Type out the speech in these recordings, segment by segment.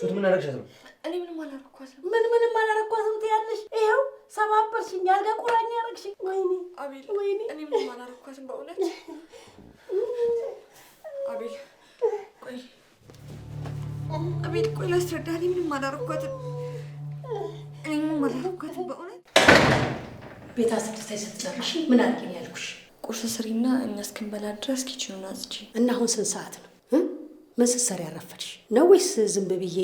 ልጅ ምን አደረግሻት ነው? እኔ ምንም አላረኳትም። ምን ምንም አላረኳትም ትያለሽ? ይኸው ሰባበርሽኝ፣ ያልጋ ቁራኝ ያረግሽኝ። ወይኔ አቤል፣ ወይኔ እኔ ምንም አላረኳትም በእውነት አቤል። ቆይ አቤል፣ ቆይ ላስረዳ። እኔ ምንም አላረኳትም፣ እኔ ምንም አላረኳትም በእውነት። ቤታ ስድስት ስትጨርሽ ምን አድርጊ ያልኩሽ? ቁርስ ስሪና እኛ እስክንበላ ድረስ ኪችኑን አጽጂ። እና አሁን ስንት ሰዓት ነው? ምን ስትሰሪ ያረፈልሽ ነው ወይስ ዝም ብዬ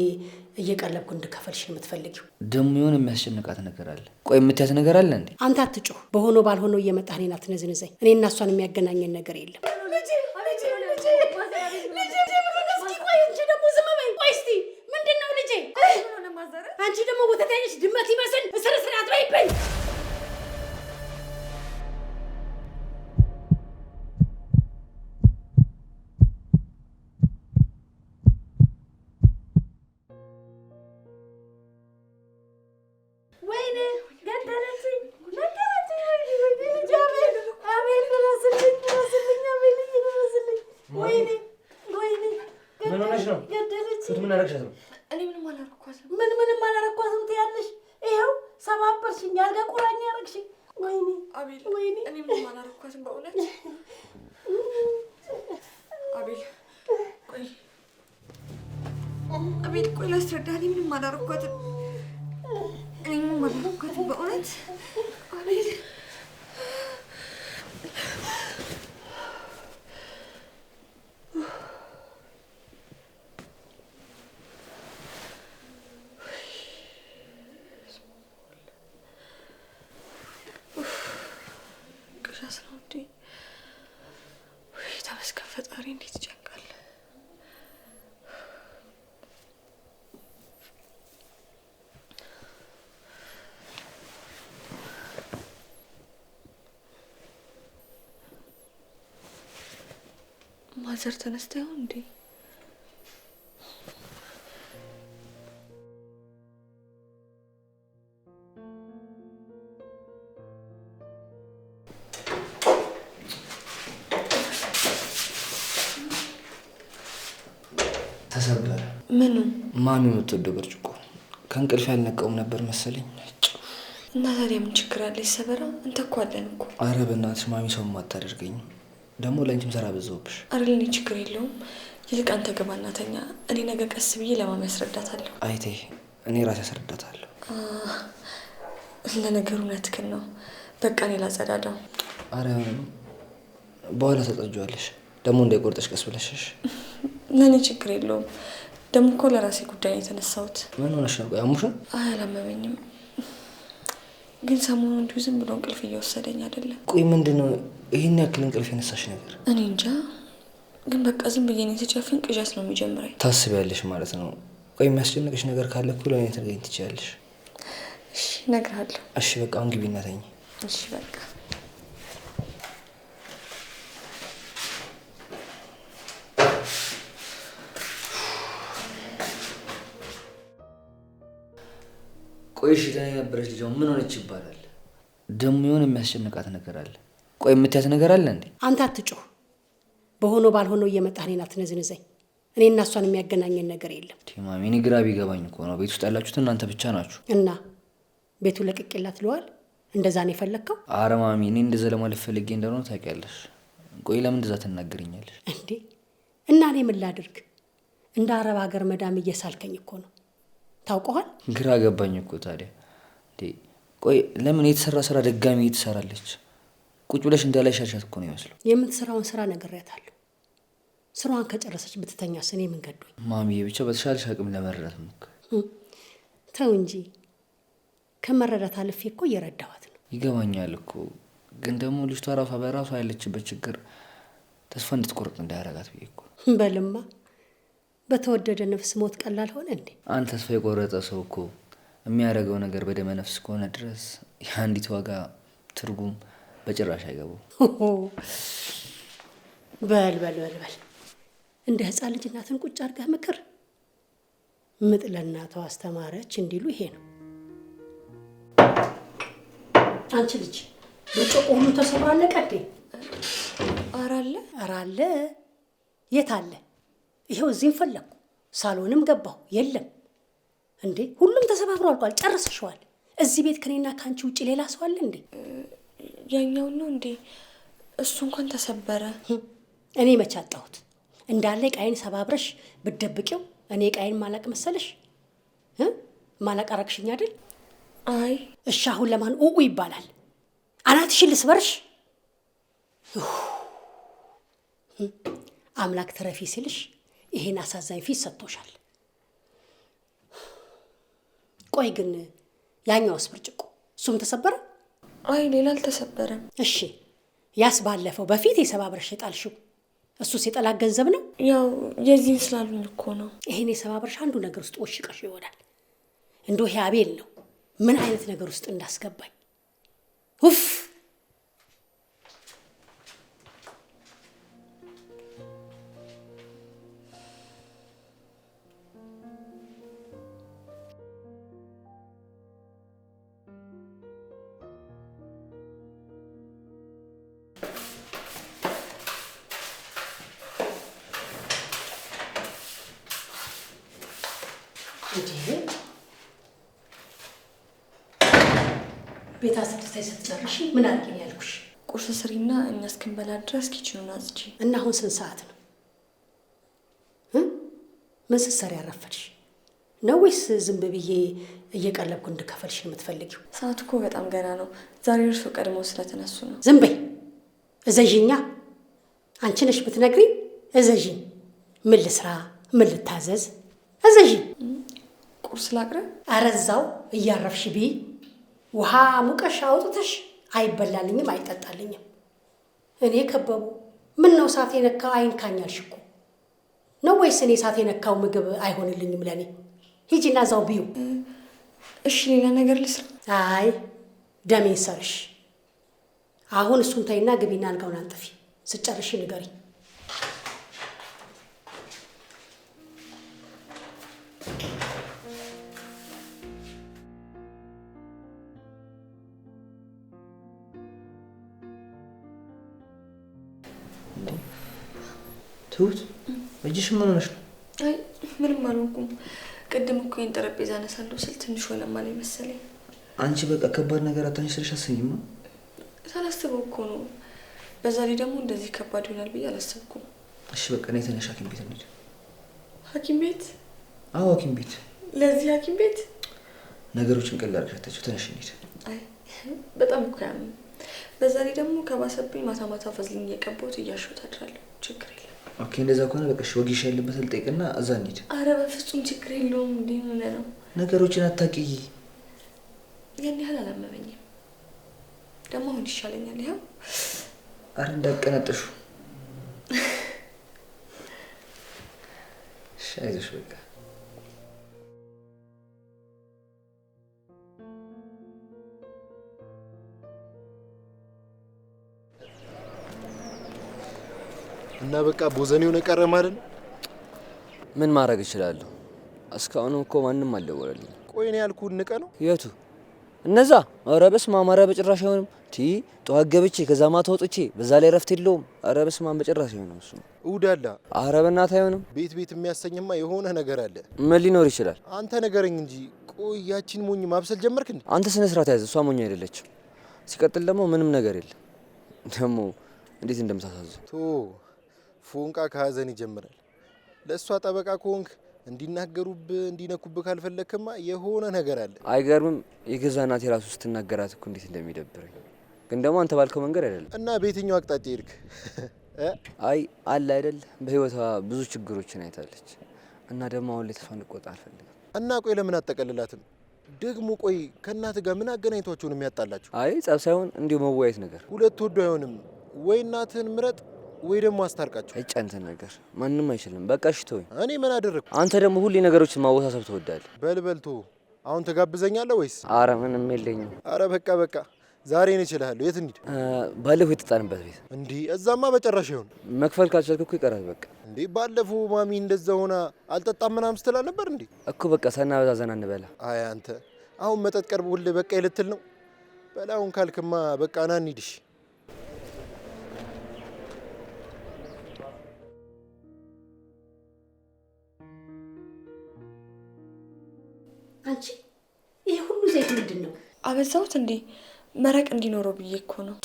እየቀለብኩ እንድከፈልሽ የምትፈልጊው? ደግሞ የሆነ የሚያስጨንቃት ነገር አለ። ቆይ የምትያት ነገር አለ እንዴ? አንተ አትጩህ። በሆነ ባልሆነው እየመጣህ እኔን አትነዝንዘኝ። እኔ እና እሷን የሚያገናኘን ነገር የለም። አንቺ ደግሞ ወተት አይነሽ ድመት ይመስል ስርስራ ከካንሰር ተነስተ ይሆን እንዴ? ተሰበረ። ምኑ? ማሚ የምትወደው ብርጭቆ። ከእንቅልፍ ያልነቀውም ነበር መሰለኝ። እና ታዲያ ምን ችግር አለ? ይሰበራ። እንተኳለን እኮ። አረ በእናትሽ ማሚ ሰው አታደርገኝም። ደግሞ ለአንቺም ስራ በዛብሽ አይደል? ችግር የለውም። ይልቅ አንተ ግባ እኔ ነገ ቀስ ብዬ ለማሚ ያስረዳታለሁ። አይቴ እኔ ራሴ ያስረዳታለሁ። ለነገሩ እውነትህን ነው። በቃ እኔ ላጸዳዳው። አረ በኋላ ተጸጅዋለሽ። ደግሞ እንዳይቆርጠሽ ቀስ ብለሽሽ። ለእኔ ችግር የለውም። ደግሞ እኮ ለራሴ ጉዳይ ነው የተነሳሁት። ምን ሆነሽ ነው? ቆይ አይ አላመመኝም። ግን ሰሞኑን እንዲሁ ዝም ብሎ እንቅልፍ እየወሰደኝ አይደለም። ቆይ ምንድን ነው ይህን ያክል እንቅልፍ የነሳሽ ነገር? እኔ እንጃ፣ ግን በቃ ዝም ብዬ እኔ ስጨፍን ቅዠት ነው የሚጀምረኝ። ታስቢያለሽ ማለት ነው። ቆይ የሚያስጨንቅሽ ነገር ካለ እኮ ለእኔ ትነግሪኝ ትችያለሽ። እሺ እነግርሃለሁ። እሺ በቃ አሁን ግቢ እናተኝ። እሺ በቃ ቆይ እሺ፣ ደህና የነበረች ልጅ ምን ሆነች ይባላል? ደሞ የሆነ የሚያስጨንቃት ነገር አለ። ቆይ የምትያት ነገር አለ እንዴ? አንተ አትጮህ። በሆኖ ባልሆነው እየመጣህ እኔን አትነዝንዘኝ። እኔ እና እሷን የሚያገናኘን ነገር የለም። ቲማሚ፣ እኔ ግራ ቢገባኝ እኮ ነው። ቤት ውስጥ ያላችሁት እናንተ ብቻ ናችሁ። እና ቤቱ ለቅቄላት ትለዋል? እንደዛ ነው የፈለግከው? አረ ማሚ፣ እኔ እንደዛ ለማለት ፈልጌ እንደሆነ ታውቂያለሽ። ቆይ ለምን እንደዛ ትናገርኛለሽ እንዴ? እና እኔ ምን ላድርግ? እንደ አረብ ሀገር መዳም እየሳልከኝ እኮ ነው ታውቀዋል። ግራ ገባኝ እኮ ታዲያ። ቆይ ለምን የተሰራ ስራ ደጋሚ ትሰራለች? ቁጭ ብለሽ እንዳላሻሻት እኮ ነው ይመስሉ። የምትሰራውን ስራ ነግሬያታለሁ። ስራዋን ከጨረሰች ብትተኛ ስን የምንገዶኝ ማሚዬ፣ ብቻ በተሻለሽ አቅም ለመረዳት ሞክር። ተው እንጂ ከመረዳት አልፌ እኮ እየረዳኋት ነው። ይገባኛል እኮ ግን ደግሞ ልጅቷ ራሷ በራሷ ያለችበት ችግር ተስፋ እንድትቆርጥ እንዳያረጋት ብዬ እኮ በልማ በተወደደ ነፍስ ሞት ቀላል ሆነ እንዴ? አንድ ተስፋ የቆረጠ ሰው እኮ የሚያደርገው ነገር በደመ ነፍስ ከሆነ ድረስ የአንዲት ዋጋ ትርጉም በጭራሽ አይገባው። በል በል በል በል እንደ ህፃን ልጅ እናትን ቁጭ አድርጋ ምክር ምጥ ለእናቷ አስተማረች እንዲሉ ይሄ ነው። አንቺ ልጅ ብርጭቆ ሁሉ ተሰብሮ አለቀዴ። ኧረ አራለ የት አለ? ይሄው እዚህም ፈለግኩ፣ ሳሎንም ገባሁ፣ የለም። እንዴ ሁሉም ተሰባብሮ አልቋል፣ ጨርሰሸዋል። እዚህ ቤት ከኔና ከአንቺ ውጭ ሌላ ሰው አለ እንዴ? ያኛው ነው እንዴ? እሱ እንኳን ተሰበረ። እኔ መች አጣሁት? እንዳለ ቃይን ሰባብረሽ ብደብቂው እኔ ቃይን ማላቅ መሰለሽ? ማላቅ አረግሽኝ አይደል? አይ እሺ፣ አሁን ለማን ኡኡ ይባላል? አናትሽን ልስበርሽ። አምላክ ትረፊ ሲልሽ ይሄን አሳዛኝ ፊት ሰጥቶሻል። ቆይ ግን ያኛውስ ብርጭቆ እሱም ተሰበረ? አይ ሌላ አልተሰበረም። እሺ ያስ ባለፈው በፊት የሰባብረሽ የጣልሽው እሱስ የጠላት ገንዘብ ነው? ያው የዚህን ስላሉኝ እኮ ነው። ይሄን የሰባብረሽ አንዱ ነገር ውስጥ ወሽቀሽ ይሆናል። እንዶ ይሄ አቤል ነው ምን አይነት ነገር ውስጥ እንዳስገባኝ ውፍ እስከምበላ ድረስ ኪችኑን አጽጂ። እና አሁን ስንት ሰዓት ነው? ምን ስትሰሪ ያረፈድሽ ነው ወይስ ዝም ብዬ እየቀለብኩ እንድከፈልሽ ነው የምትፈልጊው? ሰዓት እኮ በጣም ገና ነው። ዛሬ እርሱ ቀድሞ ስለተነሱ ነው። ዝም በይ። እዘዥኛ። አንቺ ነሽ ብትነግሪ። እዘዥኝ። ምን ልስራ፣ ምን ልታዘዝ? እዘዥኝ። ቁርስ ላቅርብ? ኧረ እዛው እያረፍሽ ብይ። ውሃ ሙቀሽ አውጥተሽ አይበላልኝም፣ አይጠጣልኝም። እኔ ከበቡ ምን ነው እሳት የነካ አይንካኝ አልሽ እኮ ነው ወይስ እኔ እሳት የነካው ምግብ አይሆንልኝም ለእኔ? ሂጂና እዛው ቢዩ እሺ ሌላ ነገር ልስራ? አይ ደሜን ሰርሽ። አሁን እሱን ተይና ግቢና አልጋውን አንጥፊ። ስጨርሽ ንገሪኝ። ትሁት እጅሽ ምን ሆነሽ ነው? አይ ምንም አልሆንኩም። ቅድም እኮ ይህን ጠረጴዛ አነሳለሁ ስል ትንሽ ሆነማ ነው መሰለኝ። አንቺ በቃ ከባድ ነገር አታንሽርሽ። አሰይማ ሳላስበው እኮ ነው። በዛ ላይ ደግሞ እንደዚህ ከባድ ይሆናል ብዬ አላሰብኩም። እሺ በቃ እኔ ተነሽ፣ ሐኪም ቤት እንሂድ። ሐኪም ቤት? አዎ ሐኪም ቤት። ለዚህ ሐኪም ቤት ነገሮችን ቀላል አድርጋታቸው። ተነሽ እንሂድ። አይ በጣም እኮ ያም። በዛ ላይ ደግሞ ከባሰብኝ ማታ ማታ ፈዝልኝ የቀባሁት እያሸሁት አድራለሁ። ችግር የለም ኦኬ፣ እንደዛ ከሆነ በቃ ወጌሻ ያለበት ልጠይቅና እዛ እንሂድ። አረ በፍጹም ችግር የለውም። እንዲህ ሆነ ነው ነገሮችን አታቅይ። ያን ያህል አላመመኝም። ደግሞ አሁን ይሻለኛል። ይኸው አረ እንዳቀናጠሹ ሻይዞሽ በቃ እና በቃ ቦዘኔው ነው ቀረ ማለት ነው። ምን ማድረግ እችላለሁ? እስካሁንም እኮ ማንም አልደወለልኝ። ቆይ ነው ያልኩህ። ንቀ ነው የቱ እነዛ? ኧረ በስመ አብ! ኧረ በጭራሽ አይሆንም። ቲ ጠዋት ገብቼ ከዛ ማታ ወጥቼ በዛ ላይ ረፍት የለውም። ኧረ በስመ አብ! በጭራሽ አይሆንም እሱ እውዳላ። ኧረ በእናትህ አይሆንም። ቤት ቤት የሚያሰኝማ የሆነ ነገር አለ። ምን ሊኖር ይችላል? አንተ ነገረኝ እንጂ። ቆይ ያቺን ሞኝ ማብሰል ጀመርክ እንዴ? አንተ ስነ ስርዓት ያዘ። እሷ ሞኝ አይደለችም። ሲቀጥል ደግሞ ምንም ነገር የለም። ደግሞ እንዴት ቶ ፎንቃ ከሀዘን ይጀምራል። ለእሷ ጠበቃ ከሆንክ እንዲናገሩብ እንዲነኩብ ካልፈለክማ የሆነ ነገር አለ። አይገርምም? የገዛ እናቴ ራሱ ስትናገራት እኮ እንዴት እንደሚደብረኝ ግን ደግሞ አንተ ባልከው መንገድ አይደለም። እና በየትኛው አቅጣጫ ሄድክ? አይ አለ አይደል፣ በህይወቷ ብዙ ችግሮችን አይታለች እና ደግሞ አሁን ላይ ተስፋ እንድቆጣ አልፈልግም። እና ቆይ ለምን አጠቀልላትም ደግሞ? ቆይ ከእናት ጋር ምን አገናኝቷቸውን የሚያጣላቸው? አይ ጸብ ሳይሆን እንዲሁ መወያየት ነገር። ሁለት ወዶ አይሆንም ወይ? እናትህን ምረጥ ወይ ደግሞ አስታርቃቸው። እጭ አንተን ነገር ማንም አይችልም። በቃ እሺ ተወኝ። እኔ ምን አደረግኩ? አንተ ደግሞ ሁሌ ነገሮችን ማወሳሰብ ትወዳለህ። በልበልቶ አሁን ተጋብዘኛለህ ወይስ? አረ ምንም የለኝም። አረ በቃ በቃ ዛሬ ነው ይችላል። የት እንሂድ? ባለፈው የተጣንበት ቤት እንዴ? እዛማ በጨራሽ ይሆን መክፈል ካልቻልክ እኮ ይቀራል። በቃ እንዴ ባለፈው ማሚ እንደዛ ሆና አልጠጣም ምናምን ስትላል ነበር እንዴ እኮ በቃ ሰና በዛ ዘና እንበላ። አይ አንተ አሁን መጠጥ ቀርቦ ቀርቦልህ በቃ ይልትል ነው በላውን ካልክማ በቃ ና እንሂድ። እሺ አንቺ ይሄ ሁሉ ዘይት ምንድን ነው? አበዛሁት እንዴ? መረቅ እንዲኖረው ብዬ እኮ ነው።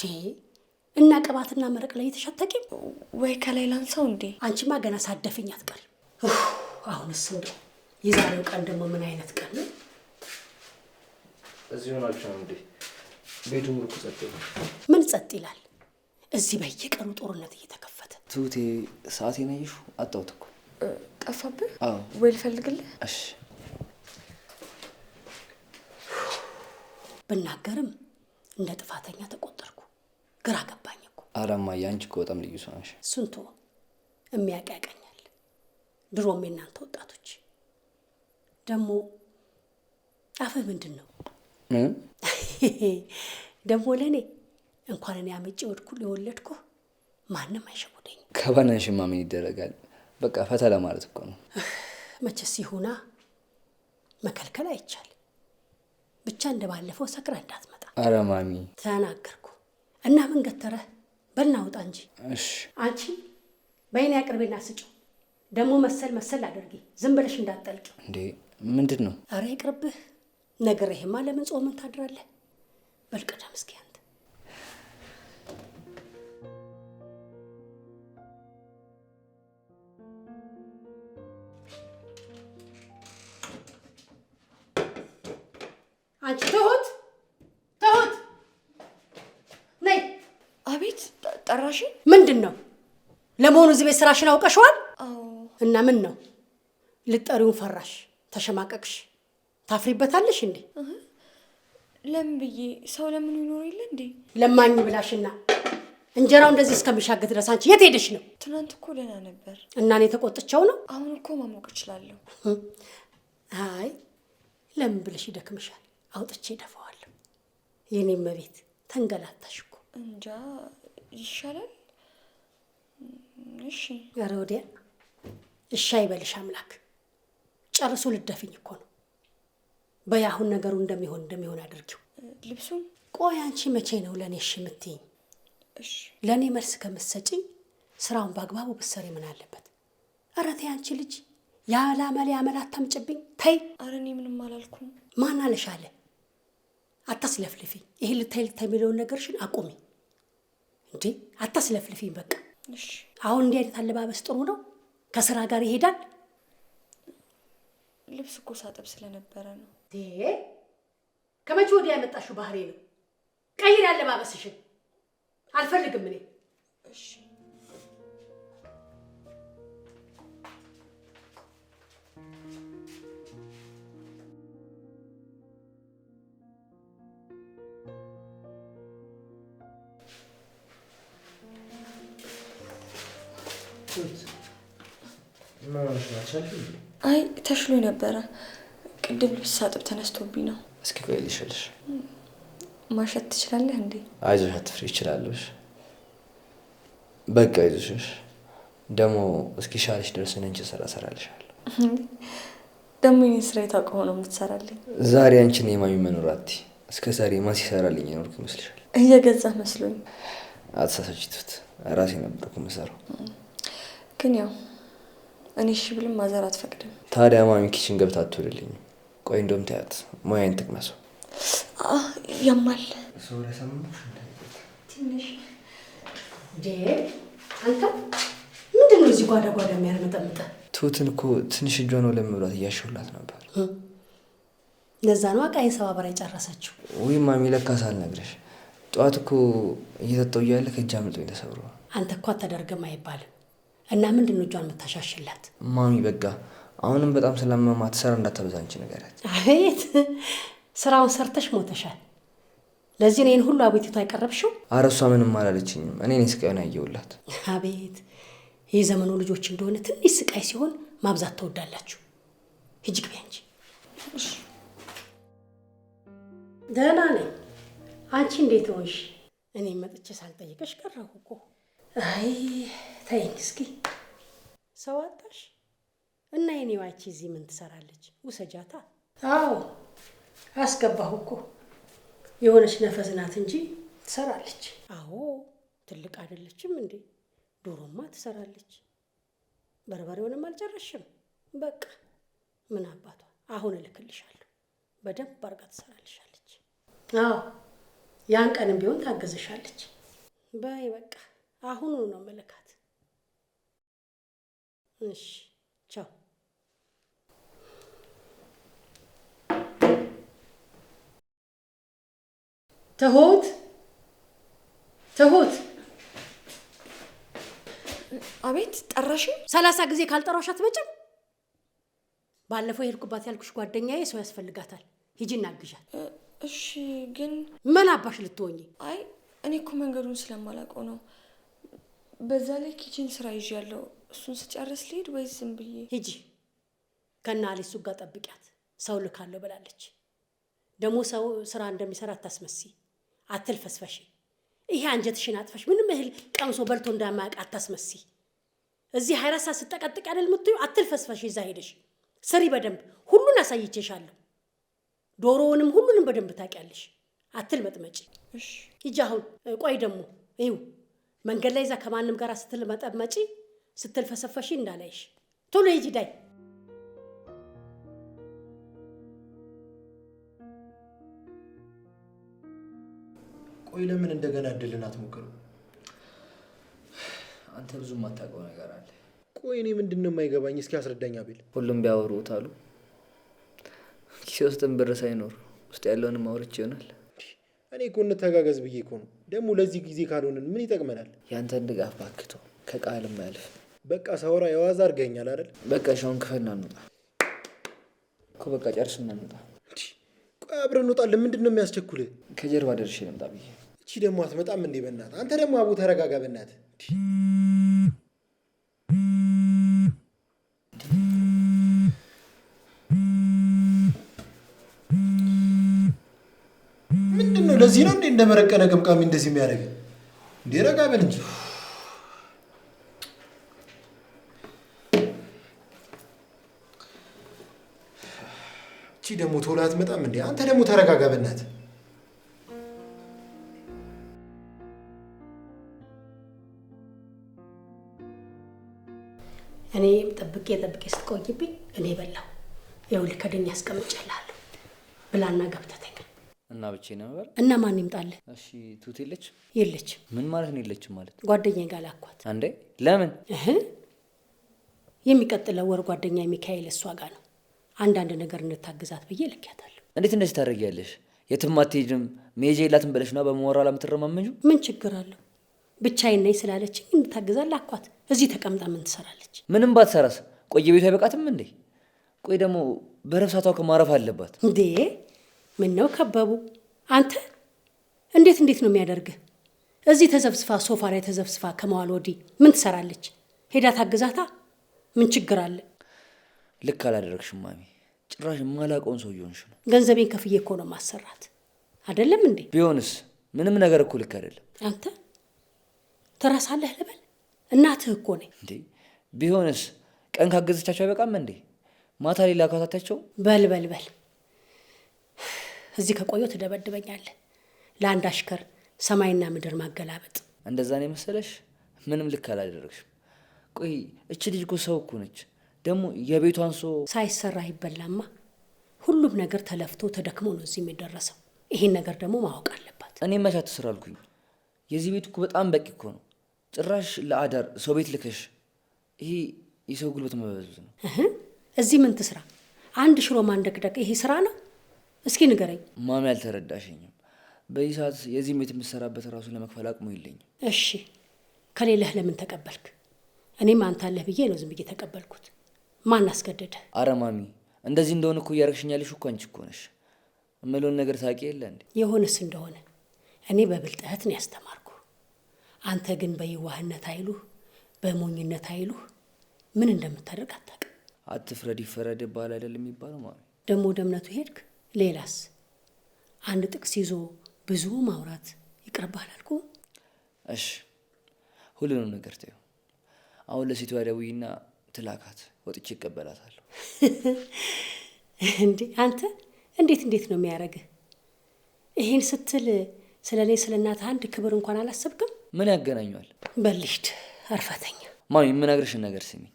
እና ቅባትና መረቅ ላይ የተሻተቂም ወይ ከላይ ላንሳው እንዴ? አንቺማ ገና ሳደፈኝ አሁን አሁንስ እንደው የዛሬው ቀን ደግሞ ምን አይነት ቀን ነው? እዚህ ሆናችሁ ነው እንዴ? ቤቱ ሙሉ እኮ ጸጥ ይላል። ምን ጸጥ ይላል? እዚህ በየቀኑ ጦርነት እየተከፈተ ትሁቴ፣ ሰዓቴን ነይሹ አጣሁት እኮ ጠፋብህ። ወይ ልፈልግልህ? እሺ ብናገርም እንደ ጥፋተኛ ተቆጠርኩ። ግራ ገባኝ እኮ። ኧረ እማዬ አንቺ እኮ በጣም ልዩ ሰው ነሽ። ስንቶ የሚያውቅ ያውቀኛል። ድሮም የእናንተ ወጣቶች ደግሞ አፈ ምንድን ነው ደግሞ ለእኔ እንኳን እኔ አመጪ ወድኩ የወለድኩ ማንም አይሸጉደኝ። ከባናሽማ ምን ይደረጋል? በቃ ፈታ ለማለት እኮ ነው። መቼ ሲሁና መከልከል አይቻል ብቻ እንደባለፈው ሰክረህ እንዳትመጣ። ኧረ ማሚ ተናገርኩ እና ምን ገተረ? በልና ውጣ እንጂ። እሺ አንቺ በይኔ አቅርቤና ስጭው። ደግሞ መሰል መሰል አድርጊ፣ ዝም ብለሽ እንዳትጠልቂው። እንዴ ምንድን ነው? አረ ይቅርብህ። ነገር። ነግሬህማ ለምን ጾምን ታድራለህ? በልቅደም እስኪያ አንቺ ትሁት ትሁት ነይ። አቤት። ጠራሽ? ምንድን ነው ለመሆኑ? እዚህ ቤት ስራሽን አውቀሽዋል? እና ምን ነው ልጠሪውን ፈራሽ? ተሸማቀቅሽ? ታፍሪበታለሽ እንዴ? ለምን ብዬ ሰው ለምን ይኖር የለ እንዴ? ለማኝ ብላሽና እንጀራው እንደዚህ እስከሚሻግት ድረስ አንቺ የት ሄደሽ ነው? ትናንት እኮ ደህና ነበር እና እኔ ተቆጥቸው ነው። አሁን እኮ ማሞቅ እችላለሁ። አይ ለምን ብለሽ ይደክምሻል? አውጥቼ ደፈዋለሁ። የኔም መቤት ተንገላታሽ እኮ እንጃ። ይሻላል። እሺ፣ ኧረ ወዲያ እሺ አይበልሽ አምላክ። ጨርሶ ልደፍኝ እኮ ነው። በይ አሁን ነገሩ እንደሚሆን እንደሚሆን አድርጊው። ልብሱም ቆይ፣ አንቺ መቼ ነው ለእኔ እሺ የምትይኝ? ለእኔ መልስ ከምትሰጪኝ ስራውን በአግባቡ ብትሰሪ ምን አለበት? ኧረ ተይ አንቺ ልጅ ያለ አመል ያመል አታምጭብኝ። ተይ። ኧረ እኔ ምንም አላልኩም። ማን አለሽ አለ አታስለፍልፊ። ይሄ ልታይ ልታይ የሚለውን ነገርሽን አቁሚ እንዴ! አታስለፍልፊ። በቃ አሁን እንዲህ አይነት አለባበስ ጥሩ ነው፣ ከስራ ጋር ይሄዳል። ልብስ እኮ ሳጥብ ስለነበረ ነው። ከመቼ ወዲህ ያመጣሽው ባህሪ ነው? ቀይር ያለባበስሽን። አልፈልግም እኔ። አይ ተሽሎ ነበረ። ቅድም ልብስ ሳጥብ ተነስቶብኝ ነው። እስኪ ቆይ ልሽልሽ። ማሸት ትችላለህ እንዴ? አይዞሽ አትፍሪ፣ ይችላለሽ። በቃ ይዞሽ ደግሞ እስኪ ሻልሽ ድረስ እንቺ ስራ ሰራልሻለሁ። ደግሞ ይህን ስራ የታውቀው ሆኖ የምትሰራልኝ ዛሬ አንቺን የማሚ መኖራት እስከ ዛሬ ማን ሲሰራልኝ የኖርኩ ይመስልሻል? እየገዛ መስሎኝ። አትሳሳች ራሴ ነበርኩ የምሰራው ግን ያው እኔ እሺ ብልም ማዘር አትፈቅድም። ታዲያ ማሚ ኪችን ገብታ አትወልልኝም? ቆይ እንደውም ታያት ሙያን ትቅመሰው ያማል ትንሽ አንተ ምንድን ነው እዚህ ጓዳ ጓዳ የሚያርመጠምጠ? ትሁትን እኮ ትንሽ እጇ ነው ለምብሏት እያሸውላት ነበር። ለዛ ነው ዕቃ የሰባበራ የጨረሰችው። ወይ ማሚ ለካስ አልነግረሽ። ጠዋት እኮ እየጠጣሁ እያለ ከእጅ አምልጦኝ ተሰብሮ። አንተ እኮ አታደርግም አይባልም እና ምንድን ነው እጇን የምታሻሽላት? ማሚ በቃ አሁንም በጣም ስለመማት ስራ እንዳታበዛ አንቺ አቤት ስራውን ሰርተሽ ሞተሻል። ለዚህ ነው ይህን ሁሉ አቤቱታ ያቀረብሽው? ኧረ እሷ ምንም አላለችኝም። እኔ እኔ ስቃዩን ያየሁላት። አቤት ይህ ዘመኑ ልጆች እንደሆነ ትንሽ ስቃይ ሲሆን ማብዛት ተወዳላችሁ። ሂጂ ግቢ አንቺ። ደህና ነኝ። አንቺ እንዴት ሆንሽ? እኔ መጥቼ ሳልጠይቀሽ ቀረሁ እኮ። አይ ተይኝ እስኪ። ሰው አጣሽ እና የኔ ዋቺ እዚህ ምን ትሰራለች? ውሰጃታ። አዎ አስገባሁ እኮ የሆነች ነፈስ ናት እንጂ ትሰራለች። አዎ ትልቅ አይደለችም እንዴ? ዶሮማ ትሰራለች። በርበሬውንም አልጨረሽም። በቃ ምን አባቷ አሁን እልክልሻለሁ። በደንብ አርጋ ትሰራልሻለች። አዎ ያን ቀንም ቢሆን ታገዘሻለች። በይ በቃ አሁኑ ነው መለካት እሺ ቻው። ትሁት ትሁት፣ አቤት። ጠራሽ? ሰላሳ ጊዜ ካልጠራሽ አትመጭም። ባለፈው የሄድኩባት ያልኩሽ ጓደኛዬ ሰው ያስፈልጋታል፣ ሂጂ እናግዣት። እሺ፣ ግን ምን አባሽ ልትሆኚ? አይ እኔ እኮ መንገዱን ስለማላውቀው ነው። በዛ ላይ ኪችን ስራ ይዤ ያለው እሱን ስጨርስ ልሄድ ወይስ ዝም ብዬ ሂጂ? ከና አሊሱ ጋር ጠብቂያት፣ ሰው ልካለሁ ብላለች። ደግሞ ሰው ስራ እንደሚሰራ አትል አትልፈስፈሽ። ይሄ አንጀትሽን አጥፈሽ ምንም እህል ቀምሶ በልቶ እንዳማያውቅ አታስመሲ። እዚህ ሀይራሳ ስጠቀጥቅ አይደል የምትዩ? አትልፈስፈሽ። ይዛ ሄደሽ ስሪ በደንብ ሁሉን አሳይቼሻለሁ። ዶሮውንም ሁሉንም በደንብ ታውቂያለሽ። አትልመጥመጪ። ሂጂ አሁን። ቆይ ደግሞ ይው መንገድ ላይ እዛ ከማንም ጋር ስትል መጠመጪ ስትልፈሰፈሽ እንዳላይሽ ቶሎ ሂጂ ዳይ ቆይ ለምን እንደገና እድልን አትሞክርም? አንተ ብዙ የማታውቀው ነገር አለ። ቆይ እኔ ምንድን ነው የማይገባኝ? እስኪ አስረዳኝ አቤል። ሁሉም ቢያወሩት አሉ ኪሴ ውስጥም ብር ሳይኖር ውስጥ ያለውን ማውረች ይሆናል። እኔ እኮ እንተጋገዝ ብዬ እኮ ነው። ደግሞ ለዚህ ጊዜ ካልሆንን ምን ይጠቅመናል? ያንተን ድጋፍ ባክቶ ከቃልም አያልፍ በቃ ሳውራ የዋዛ አድርገኛል አይደል? በቃ ሻውን ክፈል እናንውጣ እኮ በቃ ጨርስ እናንውጣ። ቆይ አብረን እንውጣለን። ምንድን ነው የሚያስቸኩል? ከጀርባ ደርሼ ልምጣ ብዬ። እቺ ደግሞ አትመጣም እንዴ? በእናትህ አንተ ደግሞ አቡ ተረጋጋ በእናትህ። ምንድን ነው? ለዚህ ነው እንዴ እንደመረቀነ ቀምቃሚ እንደዚህ የሚያደርግ እንዴ? ረጋ በል እንጂ እቺ ደግሞ ቶሎ አትመጣም እንዴ? አንተ ደግሞ ተረጋጋ በእናትህ። እኔ ጠብቄ ጠብቄ ስትቆይብኝ እኔ በላሁ ይኸውልህ ከደኝ ያስቀምጨልሃለሁ ብላና ገብተተኛ እና ብቼ ነበር እና ማን ይምጣለ? እሺ ቱት የለች የለች። ምን ማለት ነው የለችም ማለት? ጓደኛ ጋር ላኳት። አንዴ ለምን? እህ የሚቀጥለው ወር ጓደኛ ሚካኤል እሷ ጋር ነው አንዳንድ ነገር እንታግዛት ብዬ ልኪያታለሁ። እንዴት እንደዚህ ታደርጊያለሽ? የትም አትሄጂም መሄጃ የላትም ብለሽ ነው በሞራል ምን ችግር አለው? ብቻዬን ነኝ ስላለችኝ እንታግዛል ላኳት። እዚህ ተቀምጣ ምን ትሰራለች? ምንም ባትሰራስ? ቆየ ቤቷ አይበቃትም እንዴ? ቆይ ደግሞ በረብሳቷ ከማረፍ አለባት እንዴ? ምን ነው ከበቡ፣ አንተ እንዴት እንዴት ነው የሚያደርግህ? እዚህ ተዘብስፋ ሶፋ ላይ ተዘብስፋ ከመዋል ወዲህ ምን ትሰራለች? ሄዳ ታግዛታ። ምን ችግር አለ? ልክ አላደረግሽም ማሚ። ጭራሽ የማላውቀውን ሰው እየሆንሽ ነው። ገንዘቤን ከፍዬ እኮ ነው ማሰራት አይደለም እንዴ? ቢሆንስ ምንም ነገር እኮ ልክ አይደለም። አንተ ትረሳለህ ልበል? እናትህ እኮ ነኝ እንዴ? ቢሆንስ ቀን ካገዘቻቸው አይበቃም እንዴ? ማታ ሌላ ካታታቸው። በል በል በል፣ እዚህ ከቆየሁ ትደበድበኛለህ። ለአንድ አሽከር ሰማይና ምድር ማገላበጥ እንደዛ ነው የመሰለሽ? ምንም ልክ አላደረግሽም። ቆይ እች ልጅ እኮ ሰው እኮ ነች። ደግሞ የቤቷን ሰው ሳይሰራ ይበላማ። ሁሉም ነገር ተለፍቶ ተደክሞ ነው እዚህ የሚደረሰው። ይሄን ነገር ደግሞ ማወቅ አለባት። እኔ መቻ ትስራልኩኝ። የዚህ ቤት እኮ በጣም በቂ እኮ ነው። ጭራሽ ለአዳር ሰው ቤት ልከሽ፣ ይሄ የሰው ጉልበት መበዙት ነው። እዚህ ምን ትስራ? አንድ ሽሮ ማንደቅደቅ ይሄ ስራ ነው? እስኪ ንገረኝ ማሚ። አልተረዳሽኝም። በዚህ ሰዓት የዚህ ቤት የምትሰራበት ራሱን ለመክፈል አቅሙ የለኝም። እሺ ከሌለህ ለምን ተቀበልክ? እኔም አንተ አለህ ብዬ ነው ዝም ብዬ ተቀበልኩት። ማን አስገደደ? አረ ማሚ እንደዚህ እንደሆነ እኮ እያረግሽኛለሽ እኮ አንቺ እኮ ነሽ እምለውን ነገር ታውቂ የለ እንዴ? የሆነስ እንደሆነ እኔ በብልጠት ነው ያስተማርኩ። አንተ ግን በየዋህነት አይሉ በሞኝነት አይሉህ ምን እንደምታደርግ አታውቅም። አትፍረድ ይፈረድ ባል አይደል የሚባለው ማሚ። ደግሞ ወደ እምነቱ ሄድክ። ሌላስ አንድ ጥቅስ ይዞ ብዙ ማውራት ይቀርባል አልኩ። እሺ ሁሉንም ነገር ተይው። አሁን ለሴቷ ደውይና ትላካት ወጥቼ ይቀበላታለሁ። እንዴ አንተ እንዴት እንዴት ነው የሚያደርግህ? ይህን ስትል ስለ እኔ ስለ እናትህ አንድ ክብር እንኳን አላሰብክም? ምን ያገናኘዋል? በልሽድ አርፋተኛ ማሚ፣ የምነግርሽን ነገር ስሚኝ።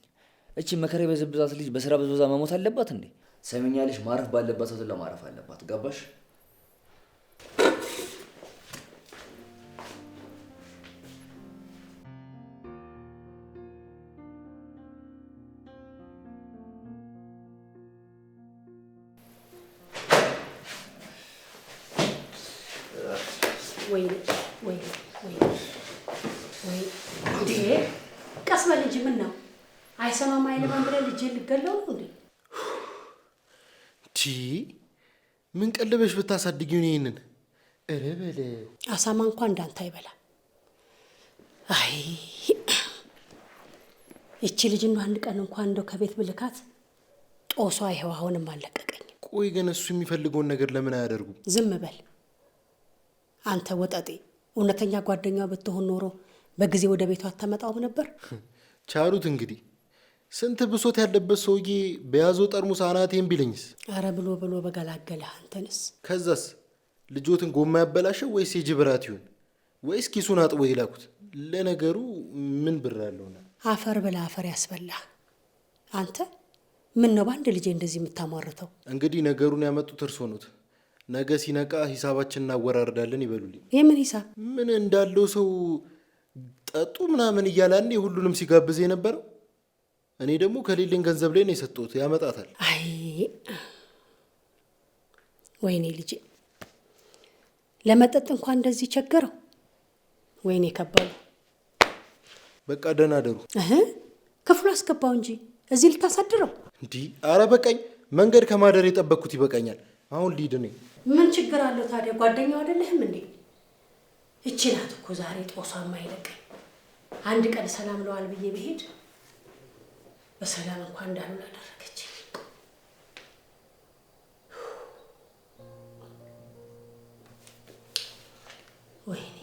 እቺ መከራ የበዛባት ልጅ በስራ ብዝበዛ መሞት አለባት እንዴ? ሰሚኛልሽ፣ ማረፍ ባለባት ሰው ለማረፍ አለባት። ገባሽ? አትቅስበል እንጂ ምን ነው አይሰማም አይልማም ብለህ ልጅ ልገለው ነው እንዴ? ቺ ምን ቀልበሽ ብታሳድጊውን ይሄንን ኧረ በለ አሳማ እንኳን እንዳንተ አይበላም? አይ ይቺ ልጅ አንድ ቀን እንኳን እንደው ከቤት ብልካት ጦሷ ይኸው አሁንም አለቀቀኝ። ቆይ ግን እሱ የሚፈልገውን ነገር ለምን አያደርጉም? ዝም በል አንተ ወጠጤ። እውነተኛ ጓደኛው ብትሆን ኖሮ በጊዜ ወደ ቤቷ አታመጣውም ነበር? ቻሉት እንግዲህ። ስንት ብሶት ያለበት ሰውዬ በያዞ ጠርሙስ አናቴን ቢለኝስ? አረ ብሎ ብሎ በገላገለ አንተንስ? ከዛስ ልጆትን ጎማ ያበላሸው ወይስ የጅብራት ይሁን ወይስ ኪሱን አጥቦ ይላኩት ለነገሩ ምን ብር አለውና አፈር ብላ አፈር ያስበላ። አንተ ምን ነው በአንድ ልጄ እንደዚህ የምታሟርተው? እንግዲህ ነገሩን ያመጡት እርሶ ኖት። ነገ ሲነቃ ሂሳባችን እናወራርዳለን ይበሉልኝ። የምን ሂሳብ? ምን እንዳለው ሰው ጠጡ ምናምን እያላን ሁሉንም ሲጋብዝ የነበረው እኔ ደግሞ ከሌለኝ ገንዘብ ላይ ነው የሰጠሁት። ያመጣታል። አይ ወይኔ ልጄ ለመጠጥ እንኳን እንደዚህ ቸገረው። ወይኔ ከባሉ። በቃ ደህና ክፍሉ አስገባው እንጂ እዚህ ልታሳድረው እንዲህ። አረ በቃኝ፣ መንገድ ከማደር የጠበቅኩት ይበቃኛል። አሁን ሊድ ነኝ። ምን ችግር አለው ታዲያ? ጓደኛው አይደለህም እንዴ? እቺ ናት እኮ ዛሬ ጦሷ ማይለቀኝ አንድ ቀን ሰላም ለዋል ብዬ ብሄድ በሰላም እንኳን እንዳልሆን አደረገች። ወይኔ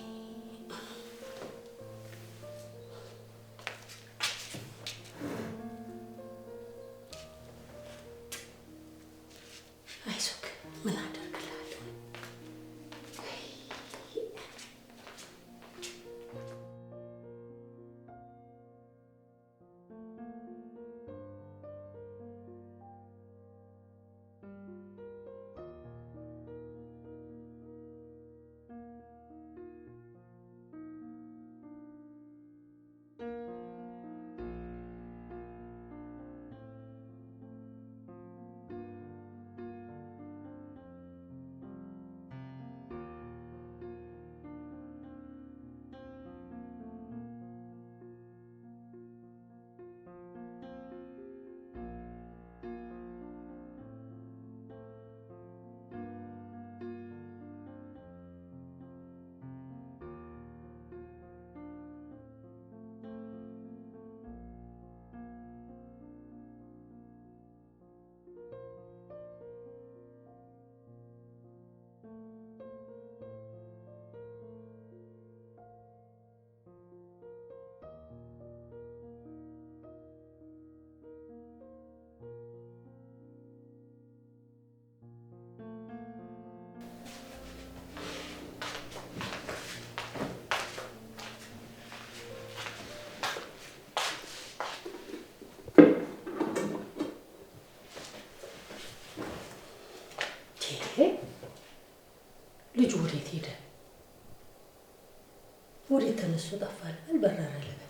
እሱ ጠፋ ልበል፣ በረረ ልበል፣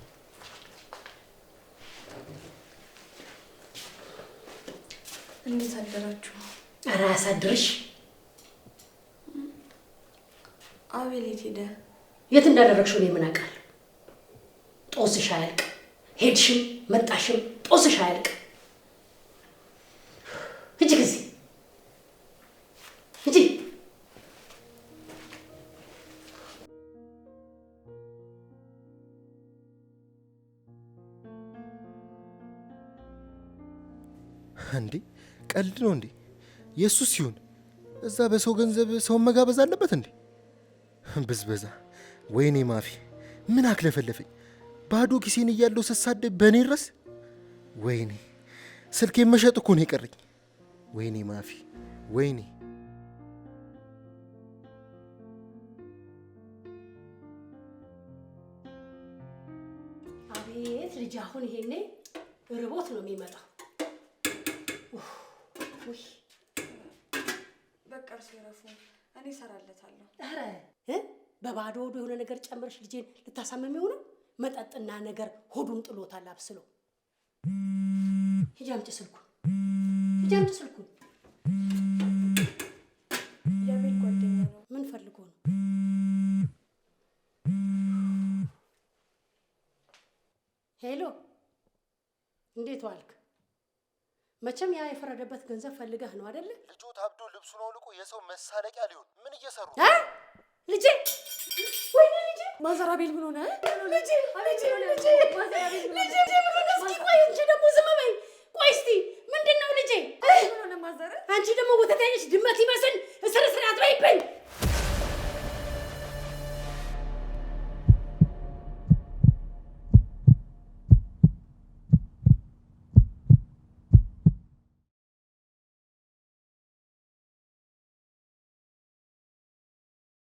እንዴት አደራችሁ? ኧረ አሳድርሽ። አቤል የት ሄደ? የት እንዳደረግሽው እኔ ምን አውቃለሁ? ጦስሽ አያልቅ። ሄድሽም መጣሽም ጦስሽ አያልቅ። እንዴ ቀልድ ነው እንዴ? የእሱስ ሲሆን እዛ በሰው ገንዘብ ሰውን መጋበዝ አለበት እንዴ? ብዝበዛ። ወይኔ ማፊ ምን አክለፈለፈኝ። ባዶ ኪሴን እያለው ስሳደብ በእኔ ድረስ። ወይኔ ስልኬን መሸጥ እኮ ነው የቀረኝ። ወይኔ ማፊ ወይኔ ልጅ አሁን ይሄኔ ርቦት ነው የሚመጣው ውይ በቃ እርሱ ይረፉ፣ እኔ እሰራለታለሁ። ኧረ በባዶ ሆዶ የሆነ ነገር ጨምረሽ ልጄን ልታሳምም የሆነው መጠጥና ነገር ሆዱን ጥሎታል አብስሎ። ሂጂ አምጪ ስልኩን፣ ሂጂ አምጪ ስልኩን። የቤት ጓደኛ ነው። ምን ፈልጎ ነው? ሄሎ፣ እንዴት ዋልክ? መቼም ያ የፈረደበት ገንዘብ ፈልገህ ነው አይደለ? ልጆት አብዶ ነው አውልቆ የሰው መሳለቂያ ሊሆን ምን እየሰሩ ልጄ? ወይ ልጄ ማዘራቤል ምን ሆነ? ልጄ ደግሞ ዝም በይ። ቆይ እስኪ ምንድን ነው ልጄ? አንቺ ደግሞ ወተት አይነሽ ድመት ይመስል እስር ስርዓት በይብኝ